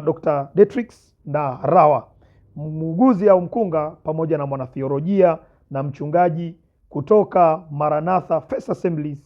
Dr. Detrix na Rawa, muuguzi au mkunga pamoja na mwanathiolojia na mchungaji kutoka Maranatha First Assemblies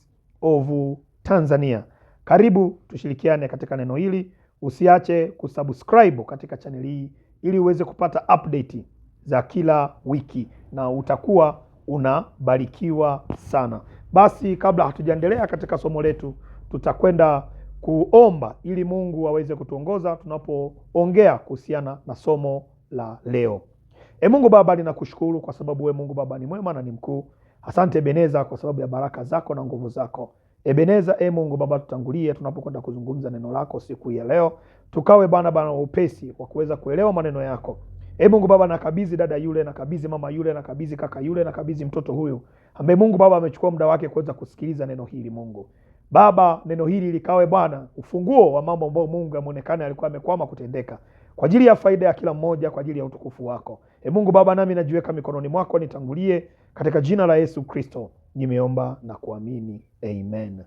of Tanzania. Karibu tushirikiane katika neno hili. Usiache kusubscribe katika chaneli hii ili uweze kupata update za kila wiki na utakuwa unabarikiwa sana. Basi kabla hatujaendelea katika somo letu, tutakwenda kuomba ili Mungu aweze kutuongoza tunapoongea kuhusiana na somo la leo. E Mungu Baba, ninakushukuru kwa sababu we Mungu Baba ni mwema na ni mkuu. Asante Ebeneza kwa sababu ya baraka zako na nguvu zako. Ebeneza, e Mungu Baba, tutangulie tunapokwenda kuzungumza neno lako siku ya leo, tukawe Bwana Bwana upesi wa kuweza kuelewa maneno yako. E Mungu Baba, nakabidhi dada yule, nakabidhi mama yule, nakabidhi kaka yule, nakabidhi mtoto huyu ambaye Mungu Baba amechukua muda wake kuweza kusikiliza neno hili Mungu. Baba, neno hili likawe Bwana ufunguo wa mambo ambayo Mungu ameonekana alikuwa amekwama kutendeka kwa ajili ya faida ya kila mmoja, kwa ajili ya utukufu wako. E Mungu Baba, nami najiweka mikononi mwako, nitangulie katika jina la Yesu Kristo nimeomba na kuamini, amen.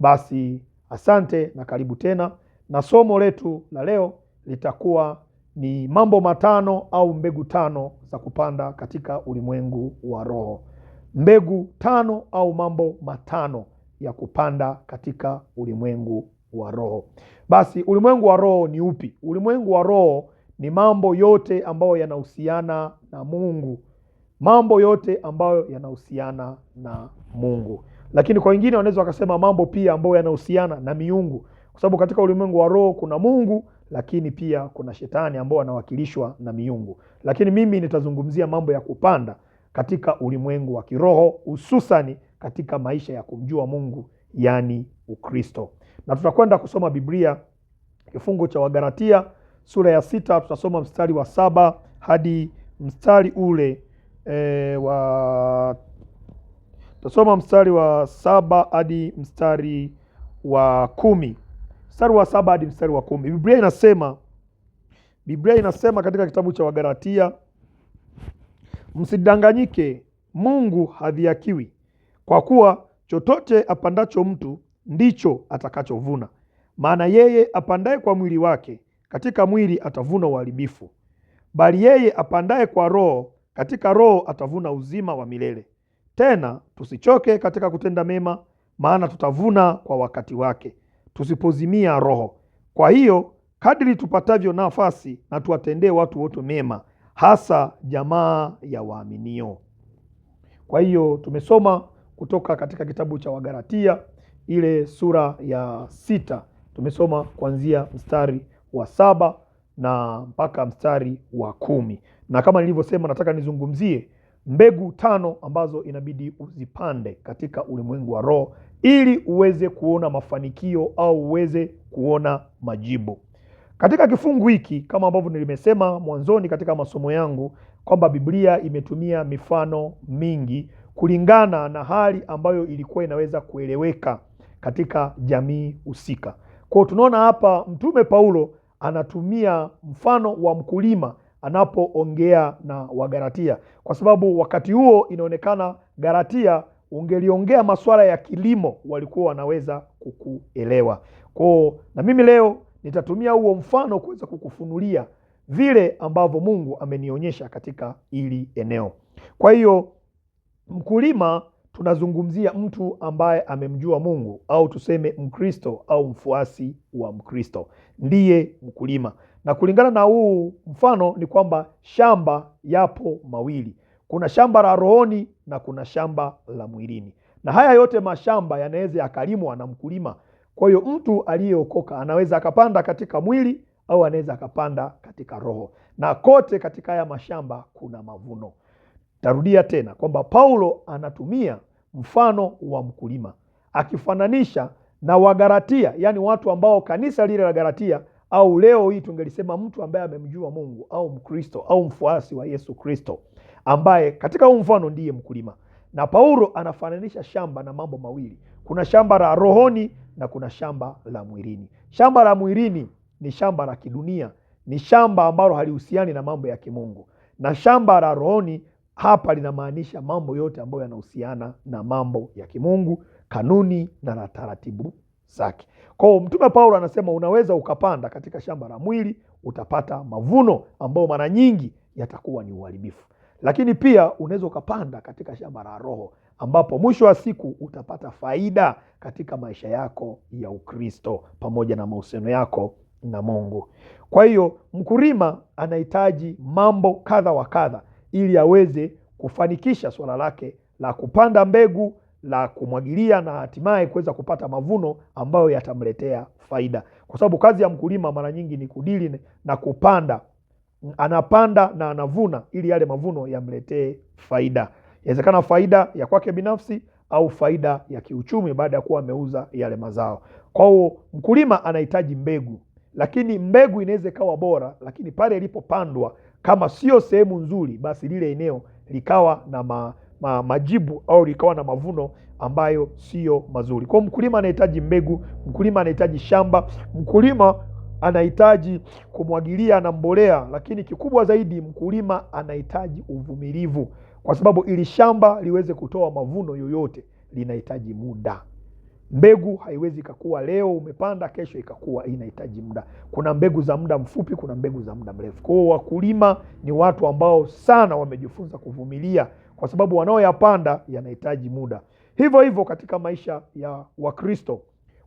Basi asante na karibu tena, na somo letu la leo litakuwa ni mambo matano au mbegu tano za kupanda katika ulimwengu wa roho. Mbegu tano au mambo matano ya kupanda katika ulimwengu wa roho. Basi ulimwengu wa roho ni upi? Ulimwengu wa roho ni mambo yote ambayo yanahusiana na Mungu, mambo yote ambayo yanahusiana na Mungu. Lakini kwa wengine wanaweza wakasema mambo pia ambayo yanahusiana na miungu, kwa sababu katika ulimwengu wa roho kuna Mungu lakini pia kuna shetani ambao wanawakilishwa na miungu. Lakini mimi nitazungumzia mambo ya kupanda katika ulimwengu wa kiroho hususani katika maisha ya kumjua Mungu, yaani Ukristo. Na tutakwenda kusoma Biblia kifungu cha Wagalatia sura ya sita, tutasoma mstari wa saba hadi mstari ule e, wa tutasoma mstari wa saba hadi mstari wa kumi mstari wa saba hadi mstari wa kumi Biblia inasema Biblia inasema katika kitabu cha Wagalatia, msidanganyike, Mungu hadhiakiwi kwa kuwa chochote apandacho mtu ndicho atakachovuna. Maana yeye apandaye kwa mwili wake, katika mwili atavuna uharibifu, bali yeye apandaye kwa Roho, katika Roho atavuna uzima wa milele. Tena tusichoke katika kutenda mema, maana tutavuna kwa wakati wake, tusipozimia roho. Kwa hiyo kadri tupatavyo nafasi, na tuwatendee watu wote mema, hasa jamaa ya waaminio. Kwa hiyo tumesoma kutoka katika kitabu cha Wagalatia ile sura ya sita tumesoma kuanzia mstari wa saba na mpaka mstari wa kumi na kama nilivyosema, nataka nizungumzie mbegu tano ambazo inabidi uzipande katika ulimwengu wa roho ili uweze kuona mafanikio au uweze kuona majibu katika kifungu hiki. Kama ambavyo nilimesema mwanzoni katika masomo yangu kwamba Biblia imetumia mifano mingi kulingana na hali ambayo ilikuwa inaweza kueleweka katika jamii husika. Kwao tunaona hapa Mtume Paulo anatumia mfano wa mkulima anapoongea na Wagalatia, kwa sababu wakati huo inaonekana Galatia ungeliongea masuala ya kilimo walikuwa wanaweza kukuelewa. Kwao na mimi leo nitatumia huo mfano kuweza kukufunulia vile ambavyo Mungu amenionyesha katika hili eneo. Kwa hiyo Mkulima tunazungumzia mtu ambaye amemjua Mungu au tuseme Mkristo au mfuasi wa Mkristo ndiye mkulima. Na kulingana na huu mfano ni kwamba shamba yapo mawili, kuna shamba la rohoni na kuna shamba la mwilini, na haya yote mashamba yanaweza yakalimwa na mkulima. Kwa hiyo mtu aliyeokoka anaweza akapanda katika mwili au anaweza akapanda katika roho, na kote katika haya mashamba kuna mavuno. Tarudia tena kwamba Paulo anatumia mfano wa mkulima akifananisha na Wagalatia, yani watu ambao kanisa lile la Galatia au leo hii tungelisema mtu ambaye amemjua Mungu au Mkristo au mfuasi wa Yesu Kristo, ambaye katika huu mfano ndiye mkulima. Na Paulo anafananisha shamba na mambo mawili, kuna shamba la rohoni na kuna shamba la mwilini. Shamba la mwilini ni shamba la kidunia, ni shamba ambalo halihusiani na mambo ya kimungu, na shamba la rohoni hapa linamaanisha mambo yote ambayo yanahusiana na mambo ya kimungu, kanuni na taratibu zake. Kwao Mtume Paulo anasema unaweza ukapanda katika shamba la mwili, utapata mavuno ambayo mara nyingi yatakuwa ni uharibifu, lakini pia unaweza ukapanda katika shamba la Roho ambapo mwisho wa siku utapata faida katika maisha yako ya Ukristo pamoja na mahusiano yako na Mungu. Kwa hiyo mkulima anahitaji mambo kadha wa kadha ili aweze kufanikisha swala lake la kupanda mbegu, la kumwagilia na hatimaye kuweza kupata mavuno ambayo yatamletea faida, kwa sababu kazi ya mkulima mara nyingi ni kudili na kupanda. Anapanda na anavuna ili yale mavuno yamletee faida, inawezekana faida ya kwake binafsi au faida ya kiuchumi baada ya kuwa ameuza yale mazao. Kwa hiyo mkulima anahitaji mbegu, lakini mbegu inaweza ikawa bora, lakini pale ilipopandwa kama sio sehemu nzuri, basi lile eneo likawa na ma, ma, majibu au likawa na mavuno ambayo siyo mazuri. Kwa mkulima anahitaji mbegu, mkulima anahitaji shamba, mkulima anahitaji kumwagilia na mbolea, lakini kikubwa zaidi mkulima anahitaji uvumilivu, kwa sababu ili shamba liweze kutoa mavuno yoyote linahitaji muda. Mbegu haiwezi ikakuwa leo umepanda kesho ikakua, inahitaji muda. Kuna mbegu za muda mfupi, kuna mbegu za muda mrefu. Kwa hiyo wakulima ni watu ambao sana wamejifunza kuvumilia, kwa sababu wanaoyapanda yanahitaji muda. Hivyo hivyo katika maisha ya Wakristo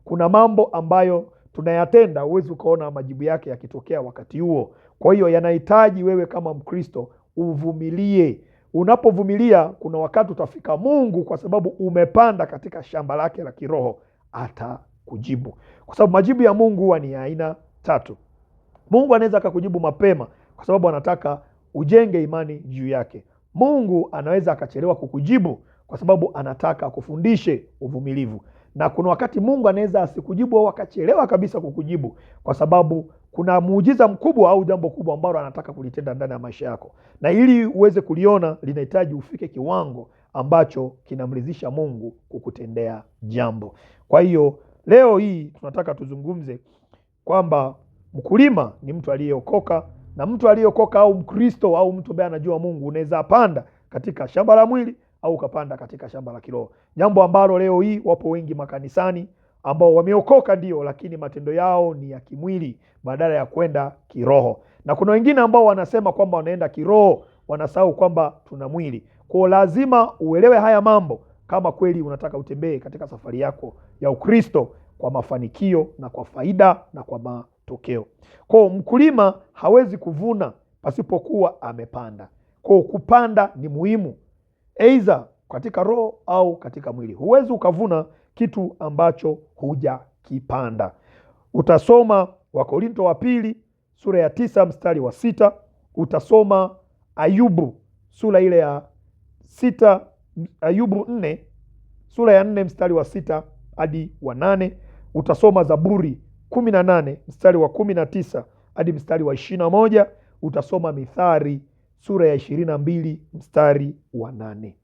kuna mambo ambayo tunayatenda, huwezi ukaona majibu yake yakitokea wakati huo. Kwa hiyo yanahitaji wewe kama Mkristo uvumilie. Unapovumilia, kuna wakati utafika Mungu, kwa sababu umepanda katika shamba lake la kiroho, atakujibu, kwa sababu majibu ya Mungu huwa ni aina tatu. Mungu anaweza akakujibu mapema, kwa sababu anataka ujenge imani juu yake. Mungu anaweza akachelewa kukujibu, kwa sababu anataka akufundishe uvumilivu, na kuna wakati Mungu anaweza asikujibu au akachelewa kabisa kukujibu, kwa sababu kuna muujiza mkubwa au jambo kubwa ambalo anataka kulitenda ndani ya maisha yako, na ili uweze kuliona linahitaji ufike kiwango ambacho kinamridhisha Mungu kukutendea jambo. Kwa hiyo leo hii tunataka tuzungumze kwamba mkulima ni mtu aliyeokoka, na mtu aliyeokoka au Mkristo au mtu ambaye anajua Mungu, unaweza panda katika shamba la mwili au ukapanda katika shamba la kiroho, jambo ambalo leo hii wapo wengi makanisani ambao wameokoka ndio, lakini matendo yao ni ya kimwili badala ya kwenda kiroho. Na kuna wengine ambao wanasema kwamba wanaenda kiroho, wanasahau kwamba tuna mwili. Kwa lazima uelewe haya mambo kama kweli unataka utembee katika safari yako ya Ukristo kwa mafanikio na kwa faida na kwa matokeo. Kwa mkulima hawezi kuvuna pasipokuwa amepanda. Kwa kupanda ni muhimu, aidha katika roho au katika mwili. Huwezi ukavuna kitu ambacho hujakipanda. Utasoma Wakorinto wa pili sura ya tisa mstari wa sita utasoma Ayubu sura ile ya sita Ayubu nne sura ya nne mstari wa sita hadi wa nane utasoma Zaburi kumi na nane mstari wa kumi na tisa hadi mstari wa ishirini na moja utasoma Mithali sura ya ishirini na mbili mstari wa nane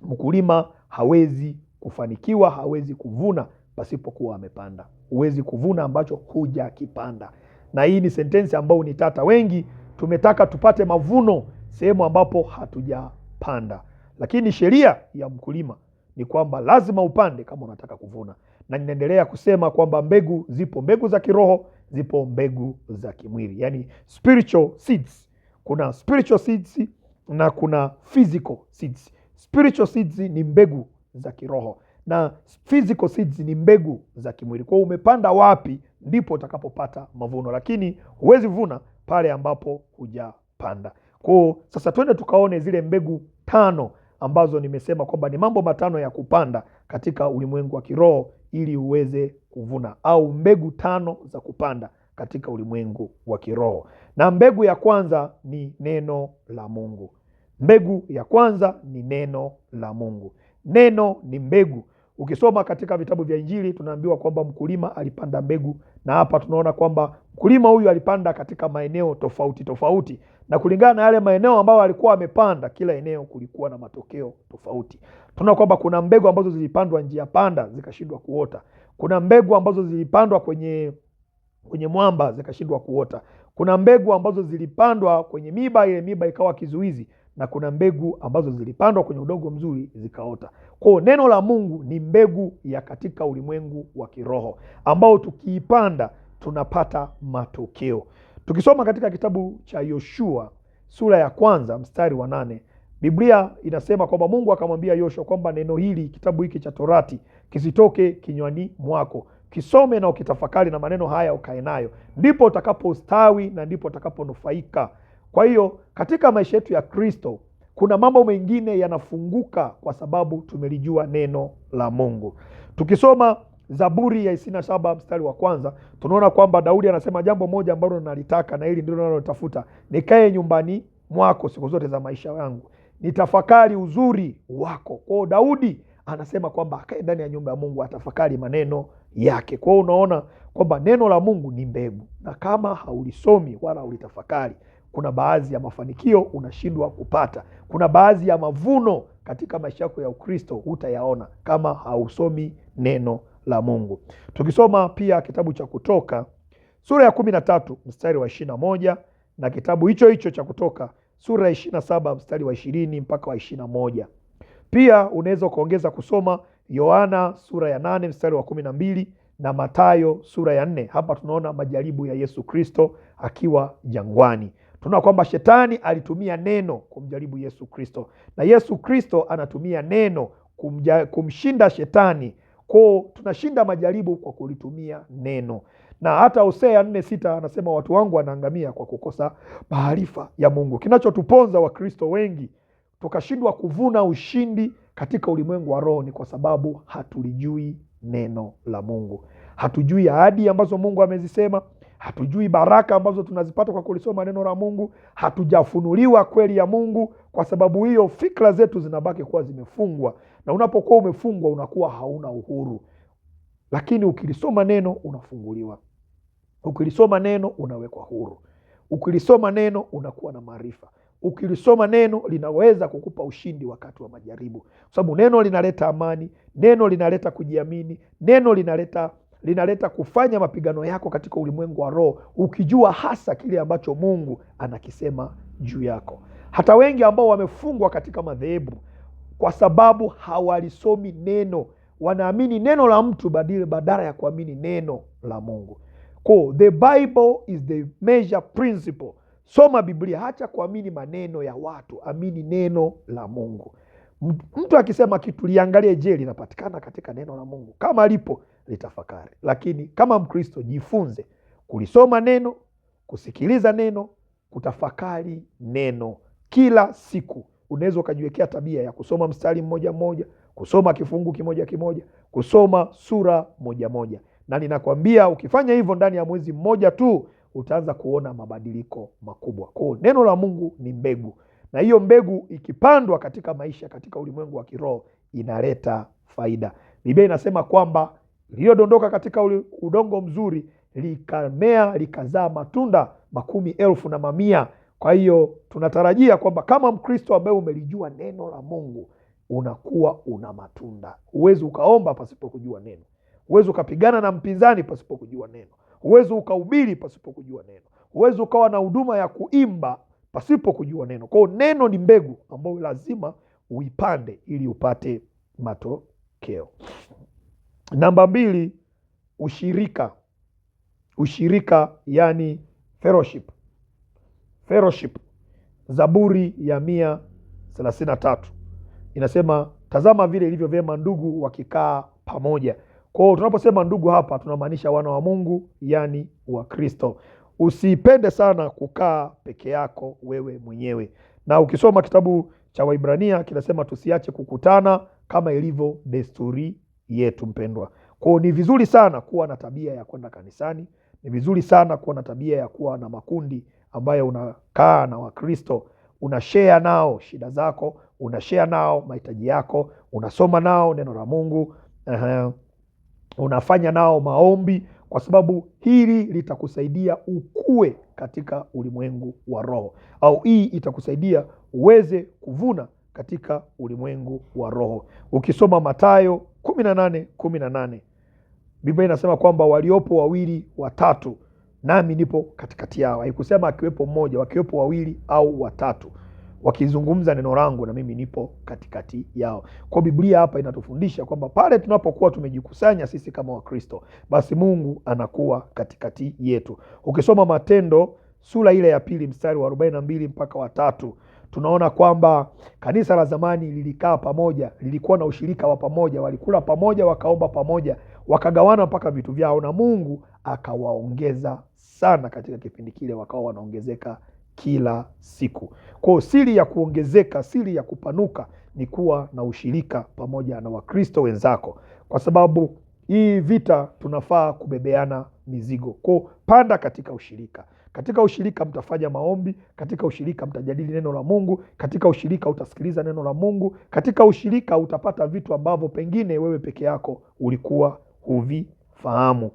mkulima hawezi kufanikiwa, hawezi kuvuna pasipokuwa amepanda. Huwezi kuvuna ambacho hujakipanda, na hii ni sentensi ambayo ni tata. Wengi tumetaka tupate mavuno sehemu ambapo hatujapanda, lakini sheria ya mkulima ni kwamba lazima upande kama unataka kuvuna. Na ninaendelea kusema kwamba mbegu zipo, mbegu za kiroho zipo, mbegu za kimwili, yani spiritual seeds. Kuna spiritual seeds na kuna physical seeds. Spiritual seeds ni mbegu za kiroho na physical seeds ni mbegu za kimwili. Kwa umepanda wapi, ndipo utakapopata mavuno, lakini huwezi vuna pale ambapo hujapanda. Kwa sasa twende tukaone zile mbegu tano ambazo nimesema kwamba ni mambo matano ya kupanda katika ulimwengu wa kiroho ili uweze kuvuna, au mbegu tano za kupanda katika ulimwengu wa kiroho. Na mbegu ya kwanza ni neno la Mungu. Mbegu ya kwanza ni neno la Mungu. Neno ni mbegu. Ukisoma katika vitabu vya Injili tunaambiwa kwamba mkulima alipanda mbegu, na hapa tunaona kwamba mkulima huyu alipanda katika maeneo tofauti tofauti, na kulingana na yale maeneo ambayo alikuwa amepanda, kila eneo kulikuwa na matokeo tofauti. Tunaona kwamba kuna mbegu ambazo zilipandwa njia panda zikashindwa kuota, kuna mbegu ambazo zilipandwa kwenye kwenye mwamba zikashindwa kuota, kuna mbegu ambazo zilipandwa kwenye miba, ile miba ikawa kizuizi na kuna mbegu ambazo zilipandwa kwenye udongo mzuri zikaota. Kwa hiyo neno la Mungu ni mbegu ya katika ulimwengu wa kiroho ambao tukiipanda tunapata matokeo. Tukisoma katika kitabu cha Yoshua sura ya kwanza mstari wa nane Biblia inasema kwamba Mungu akamwambia Yoshua kwamba neno hili, kitabu hiki cha Torati kisitoke kinywani mwako, kisome na ukitafakari, na maneno haya ukae nayo, ndipo utakapostawi na ndipo utakaponufaika kwa hiyo katika maisha yetu ya Kristo kuna mambo mengine yanafunguka kwa sababu tumelijua neno la Mungu. Tukisoma Zaburi ya ishirini na saba mstari wa kwanza tunaona kwamba Daudi anasema jambo moja ambalo nalitaka na hili ndilo nalotafuta, nikae nyumbani mwako siku zote za maisha yangu, nitafakari uzuri wako. Kwao Daudi anasema kwamba akae ndani ya nyumba ya Mungu atafakari maneno yake. Kwao unaona kwamba neno la Mungu ni mbegu, na kama haulisomi wala haulitafakari kuna baadhi ya mafanikio unashindwa kupata, kuna baadhi ya mavuno katika maisha yako ya Ukristo hutayaona kama hausomi neno la Mungu. Tukisoma pia kitabu cha Kutoka sura ya kumi na tatu mstari wa ishirini na moja na kitabu hicho hicho cha Kutoka sura ya ishirini na saba mstari wa ishirini mpaka wa ishirini na moja Pia unaweza ukaongeza kusoma Yohana sura ya nane mstari wa kumi na mbili na Mathayo sura ya nne. Hapa tunaona majaribu ya Yesu Kristo akiwa jangwani tunaona kwamba shetani alitumia neno kumjaribu Yesu Kristo, na Yesu Kristo anatumia neno kumja, kumshinda shetani. Kwa tunashinda majaribu kwa kulitumia neno, na hata Hosea nne sita anasema watu wangu wanaangamia kwa kukosa maarifa ya Mungu. Kinachotuponza Wakristo wengi tukashindwa kuvuna ushindi katika ulimwengu wa roho ni kwa sababu hatulijui neno la Mungu, hatujui ahadi ambazo Mungu amezisema hatujui baraka ambazo tunazipata kwa kulisoma neno la Mungu, hatujafunuliwa kweli ya Mungu. Kwa sababu hiyo, fikra zetu zinabaki kuwa zimefungwa, na unapokuwa umefungwa unakuwa hauna uhuru. Lakini ukilisoma neno unafunguliwa, ukilisoma neno unawekwa huru, ukilisoma neno unakuwa na maarifa ukilisoma neno linaweza kukupa ushindi wakati wa majaribu, kwa sababu neno linaleta amani, neno linaleta kujiamini, neno linaleta linaleta kufanya mapigano yako katika ulimwengu wa roho, ukijua hasa kile ambacho Mungu anakisema juu yako. Hata wengi ambao wamefungwa katika madhehebu kwa sababu hawalisomi neno, wanaamini neno la mtu badala ya kuamini neno la Mungu. Ko, the Bible is the measure principle. Soma Biblia, hacha kuamini maneno ya watu, amini neno la Mungu. Mtu akisema kitu liangalie, je, linapatikana katika neno la Mungu? Kama lipo litafakari. Lakini kama Mkristo, jifunze kulisoma neno, kusikiliza neno, kutafakari neno kila siku. Unaweza ukajiwekea tabia ya kusoma mstari mmoja mmoja, kusoma kifungu kimoja kimoja, kusoma sura moja moja, na ninakwambia ukifanya hivyo ndani ya mwezi mmoja tu utaanza kuona mabadiliko makubwa. Kwa neno la Mungu ni mbegu, na hiyo mbegu ikipandwa katika maisha, katika ulimwengu wa kiroho inaleta faida. Biblia inasema kwamba lililodondoka katika uli udongo mzuri likamea likazaa matunda makumi elfu na mamia. Kwa hiyo tunatarajia kwamba kama Mkristo ambaye umelijua neno la Mungu unakuwa una matunda. Huwezi ukaomba pasipo kujua neno, huwezi ukapigana na mpinzani pasipo kujua neno, huwezi ukahubiri kujua neno, huwezi ukawa na huduma ya kuimba pasipo kujua neno. Kwao neno ni mbegu ambayo lazima uipande ili upate matokeo. Namba mbili, ushirika. Ushirika yani fellowship, fellowship. Zaburi ya mia thelathini na tatu inasema tazama vile ilivyo vyema ndugu wakikaa pamoja. Kwa hiyo tunaposema ndugu hapa tunamaanisha wana wa Mungu, yani wa Kristo. Usipende sana kukaa peke yako wewe mwenyewe, na ukisoma kitabu cha Waibrania kinasema tusiache kukutana kama ilivyo desturi yetu mpendwa. ko ni vizuri sana kuwa na tabia ya kwenda kanisani, ni vizuri sana kuwa na tabia ya kuwa na makundi ambayo unakaa na Wakristo, unashea nao shida zako, unashea nao mahitaji yako, unasoma nao neno la Mungu, uh, unafanya nao maombi, kwa sababu hili litakusaidia ukue katika ulimwengu wa roho, au hii itakusaidia uweze kuvuna katika ulimwengu wa roho. Ukisoma Mathayo 18 18, Biblia inasema kwamba waliopo wawili watatu, nami nipo katikati yao. Haikusema akiwepo mmoja, wakiwepo wawili au watatu wakizungumza neno langu, na mimi nipo katikati yao. Kwa Biblia hapa inatufundisha kwamba pale tunapokuwa tumejikusanya sisi kama Wakristo, basi Mungu anakuwa katikati yetu. Ukisoma Matendo sura ile ya pili mstari wa 42 mpaka watatu tunaona kwamba kanisa la zamani lilikaa pamoja, lilikuwa na ushirika wa pamoja, walikula pamoja, wakaomba pamoja, wakagawana mpaka vitu vyao, na Mungu akawaongeza sana katika kipindi kile, wakawa wanaongezeka kila siku. Kwa hiyo siri ya kuongezeka, siri ya kupanuka ni kuwa na ushirika pamoja na Wakristo wenzako, kwa sababu hii vita tunafaa kubebeana mizigo. Kwa hiyo panda katika ushirika. Katika ushirika mtafanya maombi, katika ushirika mtajadili neno la Mungu, katika ushirika utasikiliza neno la Mungu, katika ushirika utapata vitu ambavyo pengine wewe peke yako ulikuwa huvifahamu.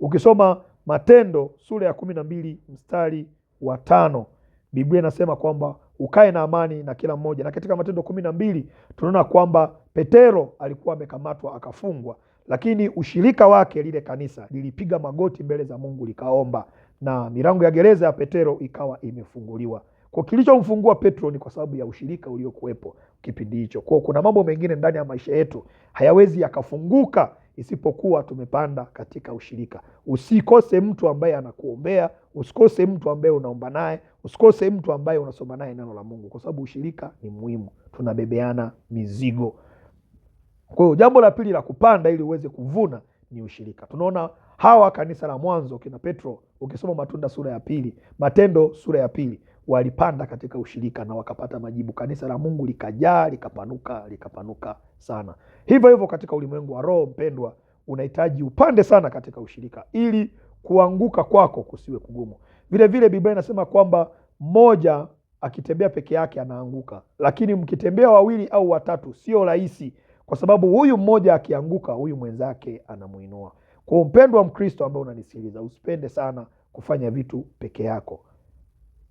Ukisoma Matendo sura ya kumi na mbili mstari wa tano Biblia inasema kwamba ukae na amani na kila mmoja, na katika Matendo kumi na mbili tunaona kwamba Petero alikuwa amekamatwa akafungwa, lakini ushirika wake, lile kanisa lilipiga magoti mbele za Mungu likaomba na milango ya gereza ya Petero ikawa imefunguliwa. Kwa kilichomfungua Petro ni kwa sababu ya ushirika uliokuwepo kipindi hicho. Kwa kuna mambo mengine ndani ya maisha yetu hayawezi yakafunguka isipokuwa tumepanda katika ushirika. Usikose mtu ambaye anakuombea, usikose mtu ambaye unaomba naye, usikose mtu ambaye unasoma naye neno la Mungu, kwa sababu ushirika ni muhimu. Tunabebeana mizigo. Kwa hiyo jambo la pili la kupanda ili uweze kuvuna ni ushirika. Tunaona hawa kanisa la mwanzo kina Petro, ukisoma Matunda sura ya pili, Matendo sura ya pili, walipanda katika ushirika na wakapata majibu. Kanisa la Mungu likajaa likapanuka likapanuka sana. Hivyo hivyo katika ulimwengu wa roho, mpendwa, unahitaji upande sana katika ushirika ili kuanguka kwako kusiwe kugumu. Vilevile Biblia inasema kwamba mmoja akitembea peke yake anaanguka, lakini mkitembea wawili au watatu sio rahisi kwa sababu huyu mmoja akianguka, huyu mwenzake anamuinua. Kwa mpendwa Mkristo ambaye unanisikiliza, usipende sana kufanya vitu peke yako,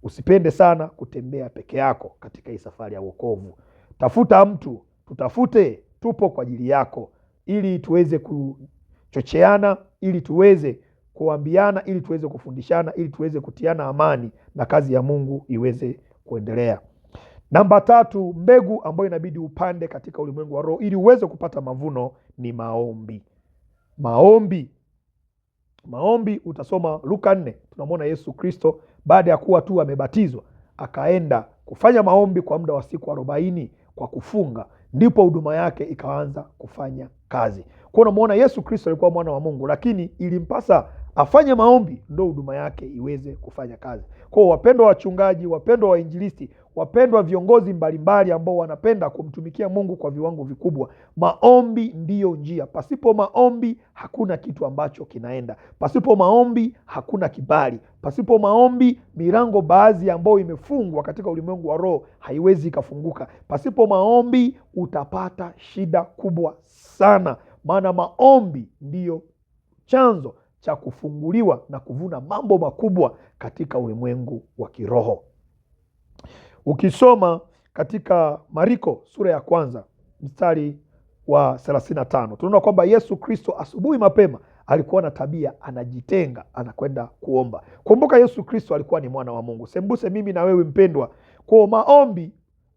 usipende sana kutembea peke yako katika hii safari ya wokovu. Tafuta mtu, tutafute, tupo kwa ajili yako, ili tuweze kuchocheana, ili tuweze kuambiana, ili tuweze kufundishana, ili tuweze kutiana amani na kazi ya Mungu iweze kuendelea. Namba tatu, mbegu ambayo inabidi upande katika ulimwengu wa roho ili uweze kupata mavuno ni maombi. Maombi, maombi. Utasoma Luka nne, tunamwona Yesu Kristo baada ya kuwa tu amebatizwa akaenda kufanya maombi kwa muda wa siku arobaini kwa kufunga, ndipo huduma yake ikaanza kufanya kazi. Kwa unamwona Yesu Kristo alikuwa mwana wa Mungu, lakini ilimpasa afanye maombi ndo huduma yake iweze kufanya kazi. Kwa wapendwa wachungaji, wapendwa wainjilisti, wapendwa viongozi mbalimbali ambao wanapenda kumtumikia Mungu kwa viwango vikubwa, maombi ndiyo njia. Pasipo maombi hakuna kitu ambacho kinaenda. Pasipo maombi hakuna kibali. Pasipo maombi milango baadhi ambayo imefungwa katika ulimwengu wa roho haiwezi ikafunguka. Pasipo maombi utapata shida kubwa sana, maana maombi ndiyo chanzo cha kufunguliwa na kuvuna mambo makubwa katika ulimwengu wa kiroho. Ukisoma katika Mariko sura ya kwanza mstari wa 35 tunaona kwamba Yesu Kristo asubuhi mapema alikuwa na tabia, anajitenga, anakwenda kuomba. Kumbuka Yesu Kristo alikuwa ni mwana wa Mungu, sembuse mimi na wewe mpendwa. Kwa maombi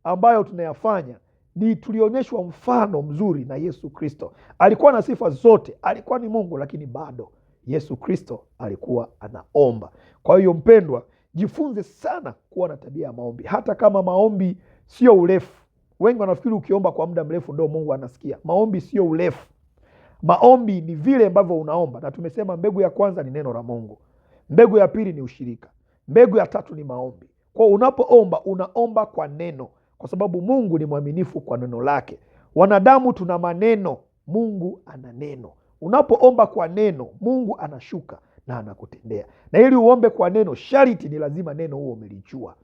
ambayo tunayafanya ni tulionyeshwa mfano mzuri na Yesu Kristo. Alikuwa na sifa zote, alikuwa ni Mungu, lakini bado Yesu Kristo alikuwa anaomba. Kwa hiyo mpendwa Jifunze sana kuwa na tabia ya maombi, hata kama maombi sio urefu. Wengi wanafikiri ukiomba kwa muda mrefu ndo Mungu anasikia. Maombi sio urefu, maombi ni vile ambavyo unaomba, na tumesema mbegu ya kwanza ni neno la Mungu, mbegu ya pili ni ushirika, mbegu ya tatu ni maombi. Kwa unapoomba, unaomba kwa neno, kwa sababu Mungu ni mwaminifu kwa neno lake. Wanadamu tuna maneno, Mungu ana neno. Unapoomba kwa neno, Mungu anashuka na anakutendea. Na ili uombe kwa neno, shariti ni lazima neno huo umelijua.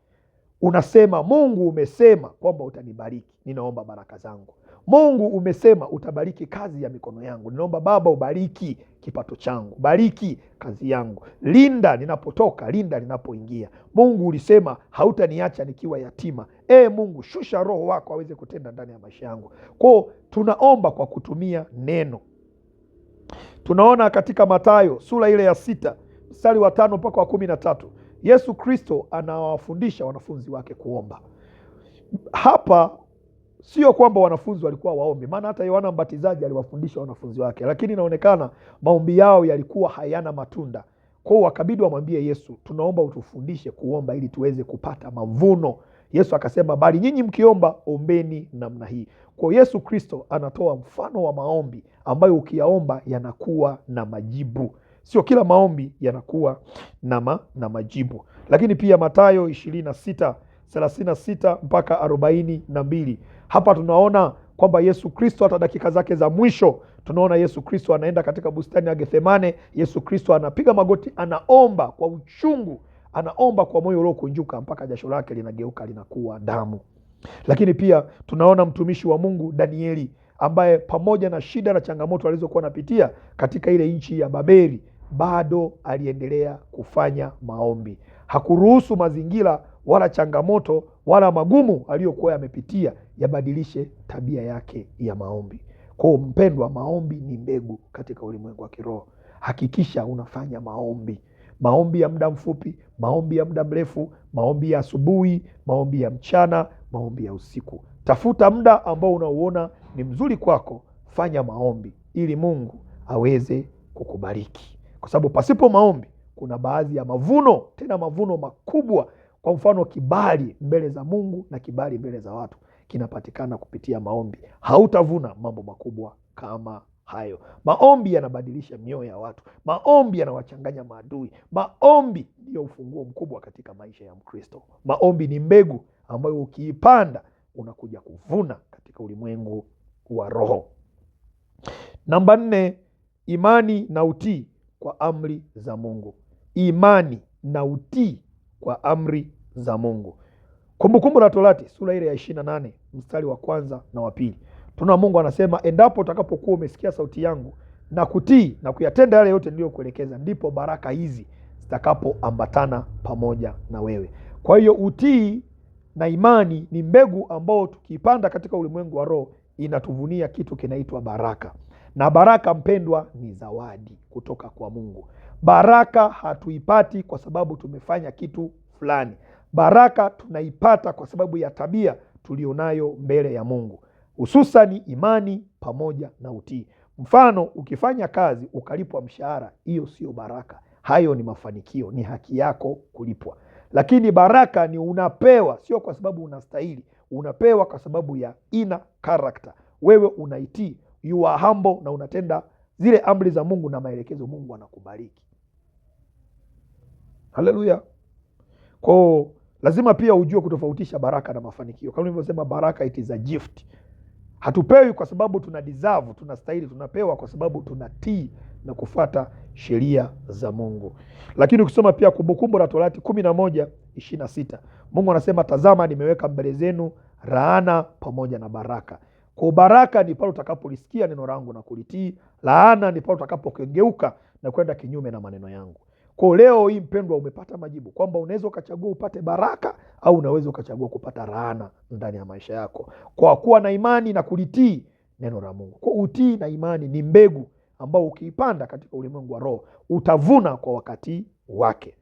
Unasema, Mungu umesema kwamba utanibariki, ninaomba baraka zangu. Mungu umesema utabariki kazi ya mikono yangu, ninaomba Baba ubariki kipato changu, bariki kazi yangu, linda ninapotoka, linda ninapoingia. Mungu ulisema hautaniacha nikiwa yatima. E Mungu, shusha Roho wako aweze kutenda ndani ya maisha yangu. Kwao tunaomba kwa kutumia neno tunaona katika Mathayo sura ile ya sita mstari wa tano mpaka wa kumi na tatu Yesu Kristo anawafundisha wanafunzi wake kuomba. Hapa sio kwamba wanafunzi walikuwa waombi, maana hata Yohana Mbatizaji aliwafundisha wanafunzi wake, lakini inaonekana maombi yao yalikuwa hayana matunda kwao, wakabidi wamwambie Yesu, tunaomba utufundishe kuomba ili tuweze kupata mavuno Yesu akasema, bali nyinyi mkiomba ombeni namna hii. Kwa Yesu Kristo anatoa mfano wa maombi ambayo ukiyaomba yanakuwa na majibu. Sio kila maombi yanakuwa na, ma, na majibu. Lakini pia Mathayo 26 36 mpaka arobaini na mbili hapa tunaona kwamba Yesu Kristo hata dakika zake za mwisho, tunaona Yesu Kristo anaenda katika bustani ya Gethsemane. Yesu Kristo anapiga magoti, anaomba kwa uchungu anaomba kwa moyo uliokunjuka mpaka jasho lake linageuka linakuwa damu. Lakini pia tunaona mtumishi wa Mungu Danieli ambaye pamoja na shida na changamoto alizokuwa anapitia katika ile nchi ya Babeli bado aliendelea kufanya maombi. Hakuruhusu mazingira wala changamoto wala magumu aliyokuwa yamepitia yabadilishe tabia yake ya maombi. Kwa mpendwa, maombi ni mbegu katika ulimwengu wa kiroho. Hakikisha unafanya maombi maombi ya muda mfupi, maombi ya muda mrefu, maombi ya asubuhi, maombi ya mchana, maombi ya usiku. Tafuta muda ambao unauona ni mzuri kwako, fanya maombi ili Mungu aweze kukubariki, kwa sababu pasipo maombi kuna baadhi ya mavuno, tena mavuno makubwa. Kwa mfano, kibali mbele za Mungu na kibali mbele za watu kinapatikana kupitia maombi. Hautavuna mambo makubwa kama hayo. Maombi yanabadilisha mioyo ya watu, maombi yanawachanganya maadui. Maombi ndiyo ufunguo mkubwa katika maisha ya Mkristo. Maombi ni mbegu ambayo ukiipanda unakuja kuvuna katika ulimwengu wa roho. Namba nne, imani na utii kwa amri za Mungu. Imani na utii kwa amri za Mungu. Kumbukumbu la Torati sura ile ya ishirini na nane mstari wa kwanza na wa pili. Tunaona Mungu anasema, endapo utakapokuwa umesikia sauti yangu na kutii na kuyatenda yale yote niliyokuelekeza, ndipo baraka hizi zitakapoambatana pamoja na wewe. Kwa hiyo utii na imani ni mbegu ambao tukiipanda katika ulimwengu wa roho inatuvunia kitu kinaitwa baraka. Na baraka, mpendwa, ni zawadi kutoka kwa Mungu. Baraka hatuipati kwa sababu tumefanya kitu fulani. Baraka tunaipata kwa sababu ya tabia tulionayo mbele ya Mungu hususani imani pamoja na utii. Mfano, ukifanya kazi ukalipwa mshahara, hiyo sio baraka. Hayo ni mafanikio, ni haki yako kulipwa. Lakini baraka ni unapewa, sio kwa sababu unastahili, unapewa kwa sababu ya ina karakta. Wewe unaitii, you are humble, na unatenda zile amri za Mungu na maelekezo, Mungu anakubariki. Haleluya! Kwao lazima pia ujue kutofautisha baraka na mafanikio, kama nilivyosema, baraka it is a gift Hatupewi kwa sababu tuna deserve, tunastahili. Tunapewa kwa sababu tunatii na kufuata sheria za Mungu. Lakini ukisoma pia Kumbukumbu la Torati kumi na moja na sita Mungu anasema, tazama, nimeweka mbele zenu laana pamoja na baraka. Kwa baraka ni pale utakapolisikia neno langu na kulitii, laana ni pale utakapokengeuka na kwenda kinyume na maneno yangu. Kwa leo hii mpendwa, umepata majibu kwamba unaweza ukachagua upate baraka au unaweza ukachagua kupata laana ndani ya maisha yako, kwa kuwa na imani na kulitii neno la Mungu. Kwa utii na imani ni mbegu ambao ukiipanda katika ulimwengu wa roho utavuna kwa wakati wake.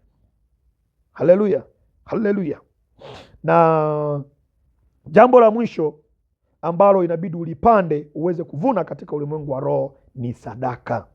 Haleluya, haleluya. Na jambo la mwisho ambalo inabidi ulipande uweze kuvuna katika ulimwengu wa roho ni sadaka.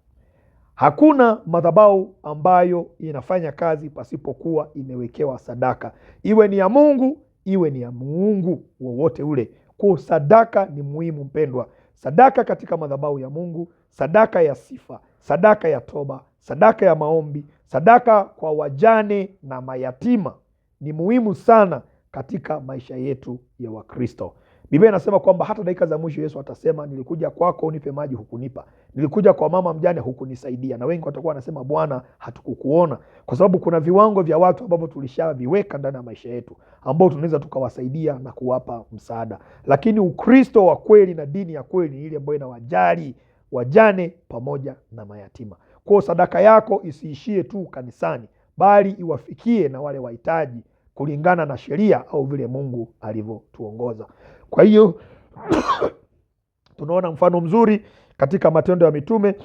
Hakuna madhabahu ambayo inafanya kazi pasipokuwa imewekewa sadaka, iwe ni ya Mungu, iwe ni ya muungu wowote ule. Kwa sadaka ni muhimu mpendwa, sadaka katika madhabahu ya Mungu, sadaka ya sifa, sadaka ya toba, sadaka ya maombi, sadaka kwa wajane na mayatima ni muhimu sana katika maisha yetu ya Wakristo. Biblia inasema kwamba hata dakika za mwisho Yesu atasema, nilikuja kwako unipe maji hukunipa, nilikuja kwa mama mjane hukunisaidia. Na wengi watakuwa wanasema, Bwana, hatukukuona, kwa sababu kuna viwango vya watu ambavyo tulishaviweka ndani ya maisha yetu, ambao tunaweza tukawasaidia na kuwapa msaada. Lakini Ukristo wa kweli na dini ya kweli ni ile ambayo inawajali wajane pamoja na mayatima. Kwa sadaka yako isiishie tu kanisani, bali iwafikie na wale wahitaji kulingana na sheria au vile Mungu alivyotuongoza. Kwa hiyo tunaona mfano mzuri katika Matendo ya Mitume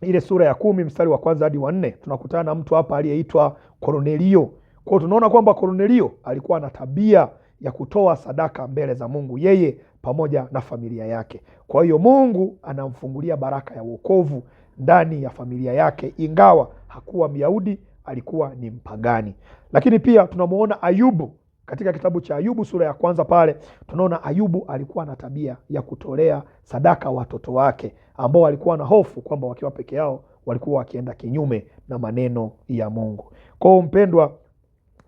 ile sura ya kumi mstari wa kwanza hadi wa nne tunakutana na mtu hapa aliyeitwa Kornelio. Kwao tunaona kwamba Kornelio alikuwa na tabia ya kutoa sadaka mbele za Mungu, yeye pamoja na familia yake. Kwa hiyo Mungu anamfungulia baraka ya wokovu ndani ya familia yake, ingawa hakuwa Myahudi alikuwa ni mpagani. Lakini pia tunamwona Ayubu katika kitabu cha Ayubu sura ya kwanza pale tunaona Ayubu alikuwa na tabia ya kutolea sadaka watoto wake ambao walikuwa na hofu kwamba wakiwa peke yao walikuwa wakienda kinyume na maneno ya Mungu. Kwa hiyo mpendwa,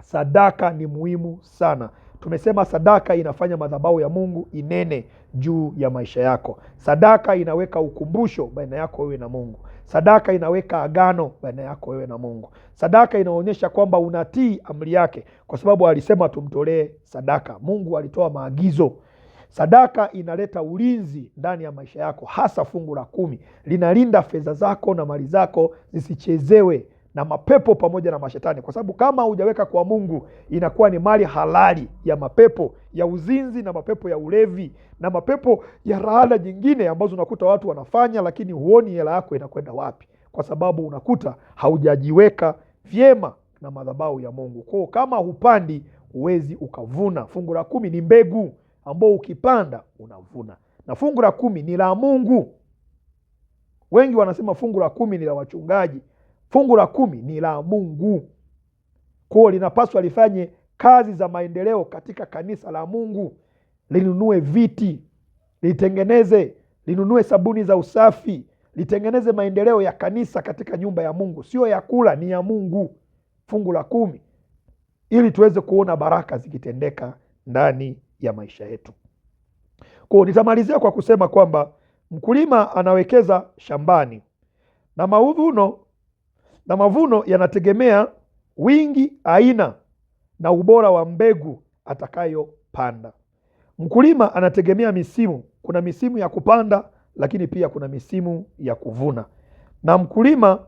sadaka ni muhimu sana. Tumesema sadaka inafanya madhabahu ya Mungu inene juu ya maisha yako. Sadaka inaweka ukumbusho baina yako wewe na Mungu. Sadaka inaweka agano baina yako wewe na Mungu. Sadaka inaonyesha kwamba unatii amri yake, kwa sababu alisema tumtolee sadaka. Mungu alitoa maagizo. Sadaka inaleta ulinzi ndani ya maisha yako, hasa fungu la kumi linalinda fedha zako na mali zako zisichezewe na mapepo pamoja na mashetani, kwa sababu kama hujaweka kwa Mungu inakuwa ni mali halali ya mapepo ya uzinzi na mapepo ya ulevi na mapepo ya rahala nyingine ambazo unakuta watu wanafanya, lakini huoni hela yako inakwenda wapi, kwa sababu unakuta haujajiweka vyema na madhabahu ya Mungu. Kwao kama hupandi huwezi ukavuna. Fungu la kumi ni mbegu ambao ukipanda unavuna, na fungu la kumi ni la Mungu. Wengi wanasema fungu la kumi ni la wachungaji Fungu la kumi ni la Mungu, kwao linapaswa lifanye kazi za maendeleo katika kanisa la Mungu, linunue viti, litengeneze, linunue sabuni za usafi, litengeneze maendeleo ya kanisa katika nyumba ya Mungu, sio ya kula, ni ya Mungu. Fungu la kumi, ili tuweze kuona baraka zikitendeka ndani ya maisha yetu. ko nitamalizia kwa kusema kwamba mkulima anawekeza shambani na mavuno na mavuno yanategemea wingi, aina na ubora wa mbegu atakayopanda. Mkulima anategemea misimu. Kuna misimu ya kupanda, lakini pia kuna misimu ya kuvuna, na mkulima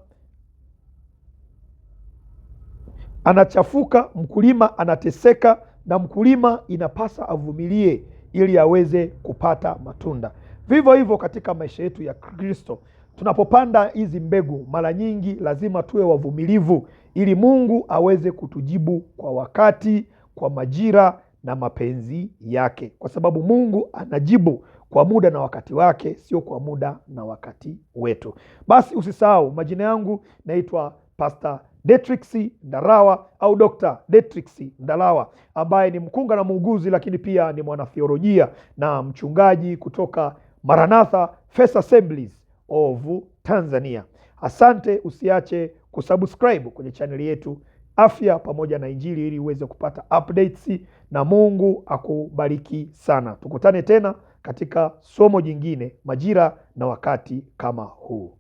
anachafuka, mkulima anateseka, na mkulima inapasa avumilie ili aweze kupata matunda. Vivyo hivyo katika maisha yetu ya Kristo. Tunapopanda hizi mbegu, mara nyingi lazima tuwe wavumilivu ili Mungu aweze kutujibu kwa wakati, kwa majira na mapenzi yake, kwa sababu Mungu anajibu kwa muda na wakati wake, sio kwa muda na wakati wetu. Basi usisahau, majina yangu naitwa Pastor Detrix Ndarawa au Dr. Detrix Ndarawa ambaye ni mkunga na muuguzi, lakini pia ni mwanathiolojia na mchungaji kutoka Maranatha First Assemblies ovu Tanzania. Asante, usiache kusubscribe kwenye chaneli yetu Afya Pamoja na Injili ili uweze kupata updates, na Mungu akubariki sana. Tukutane tena katika somo jingine, majira na wakati kama huu.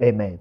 Amen.